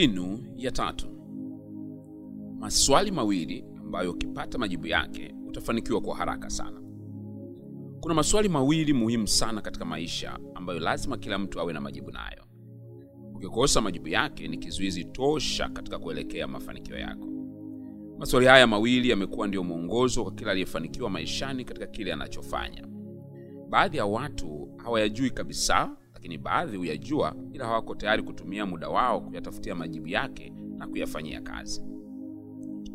Mbinu ya tatu, maswali mawili ambayo ukipata majibu yake utafanikiwa kwa haraka sana. Kuna maswali mawili muhimu sana katika maisha ambayo lazima kila mtu awe na majibu nayo. Ukikosa majibu yake ni kizuizi tosha katika kuelekea mafanikio yako. Maswali haya mawili yamekuwa ndio mwongozo kwa kila aliyefanikiwa maishani katika kile anachofanya. Baadhi ya watu hawayajui kabisa lakini baadhi huyajua, ila hawako tayari kutumia muda wao kuyatafutia majibu yake na kuyafanyia kazi.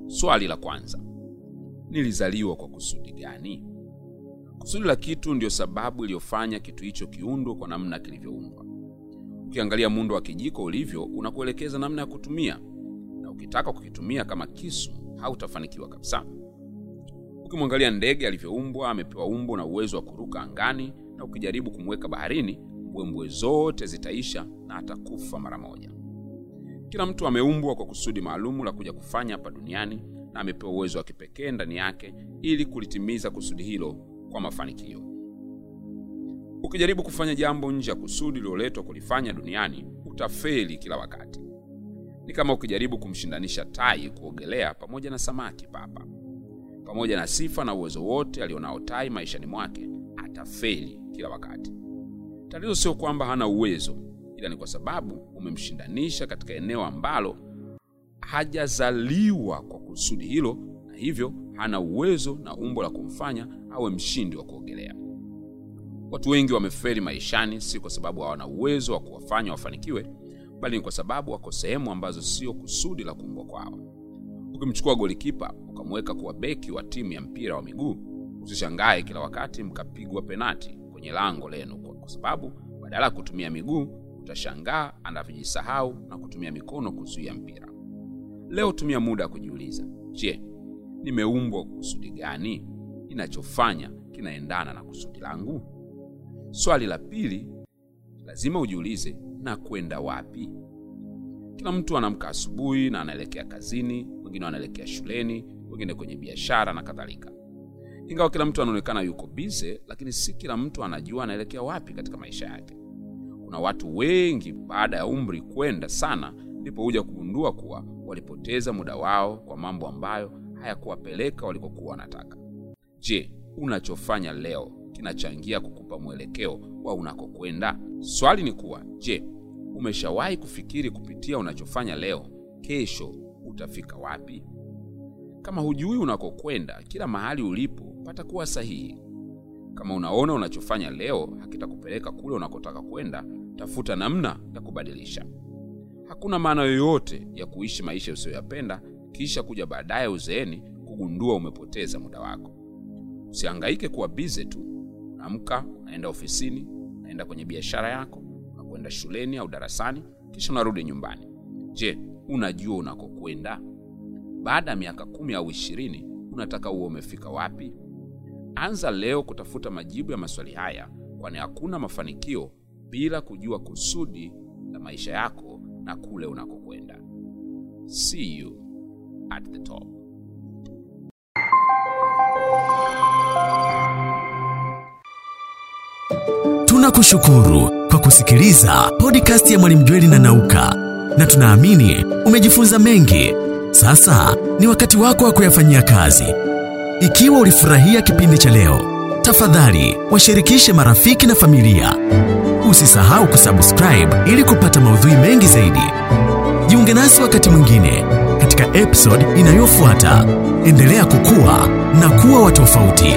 Swali la kwanza, nilizaliwa kwa kusudi gani? Kusudi la kitu ndiyo sababu iliyofanya kitu hicho kiundwe kwa namna kilivyoundwa. Ukiangalia muundo wa kijiko ulivyo, unakuelekeza namna ya kutumia, na ukitaka kukitumia kama kisu hautafanikiwa kabisa. Ukimwangalia ndege alivyoumbwa, amepewa umbo na uwezo wa kuruka angani, na ukijaribu kumweka baharini mbwembwe zote zitaisha na atakufa mara moja. Kila mtu ameumbwa kwa kusudi maalumu la kuja kufanya hapa duniani na amepewa uwezo wa kipekee ndani yake ili kulitimiza kusudi hilo kwa mafanikio. Ukijaribu kufanya jambo nje ya kusudi liloletwa kulifanya duniani, utafeli kila wakati. Ni kama ukijaribu kumshindanisha tai kuogelea pamoja na samaki papa. Pamoja na sifa na uwezo wote alionao tai maishani mwake, atafeli kila wakati. Tatizo sio kwamba hana uwezo, ila ni kwa sababu umemshindanisha katika eneo ambalo hajazaliwa kwa kusudi hilo, na hivyo hana uwezo na umbo la kumfanya awe mshindi wa kuogelea. Watu wengi wamefeli maishani, si kwa sababu hawana uwezo wa kuwafanya wafanikiwe, bali ni kwa sababu wako sehemu ambazo sio kusudi la kuumbwa kwao. Ukimchukua golikipa ukamweka kuwa beki wa timu ya mpira wa miguu, usishangae kila wakati mkapigwa penati kwenye lango lenu kwa sababu badala ya kutumia miguu utashangaa anavyojisahau na kutumia mikono kuzuia mpira. Leo tumia muda kujiuliza, je, nimeumbwa kusudi gani? inachofanya kinaendana na kusudi langu? Swali la pili, lazima ujiulize na kwenda wapi? Kila mtu anaamka asubuhi na anaelekea kazini, wengine wanaelekea shuleni, wengine kwenye biashara na kadhalika ingawa kila mtu anaonekana yuko bize lakini si kila mtu anajua anaelekea wapi katika maisha yake kuna watu wengi baada ya umri kwenda sana ndipo huja kugundua kuwa walipoteza muda wao kwa mambo ambayo hayakuwapeleka walikokuwa wanataka je unachofanya leo kinachangia kukupa mwelekeo wa unakokwenda swali ni kuwa je umeshawahi kufikiri kupitia unachofanya leo kesho utafika wapi kama hujui unakokwenda kila mahali ulipo patakuwa sahihi. Kama unaona unachofanya leo hakitakupeleka kule unakotaka kwenda, tafuta namna ya kubadilisha. Hakuna maana yoyote ya kuishi maisha usiyoyapenda kisha kuja baadaye uzeeni kugundua umepoteza muda wako. Usihangaike kuwa bize tu. Unaamka, unaenda ofisini, unaenda kwenye biashara yako, unakwenda shuleni au darasani, kisha unarudi nyumbani. Je, unajua unakokwenda? Baada ya miaka kumi au ishirini unataka uwe umefika wapi? Anza leo kutafuta majibu ya maswali haya, kwani hakuna mafanikio bila kujua kusudi la maisha yako na kule unakokwenda. See you at the top. Tunakushukuru kwa kusikiliza podcast ya Mwalimu Jweli na Nauka, na tunaamini umejifunza mengi. Sasa ni wakati wako wa kuyafanyia kazi ikiwa ulifurahia kipindi cha leo, tafadhali washirikishe marafiki na familia. Usisahau kusubscribe ili kupata maudhui mengi zaidi. Jiunge nasi wakati mwingine katika episode inayofuata. Endelea kukua na kuwa wa tofauti.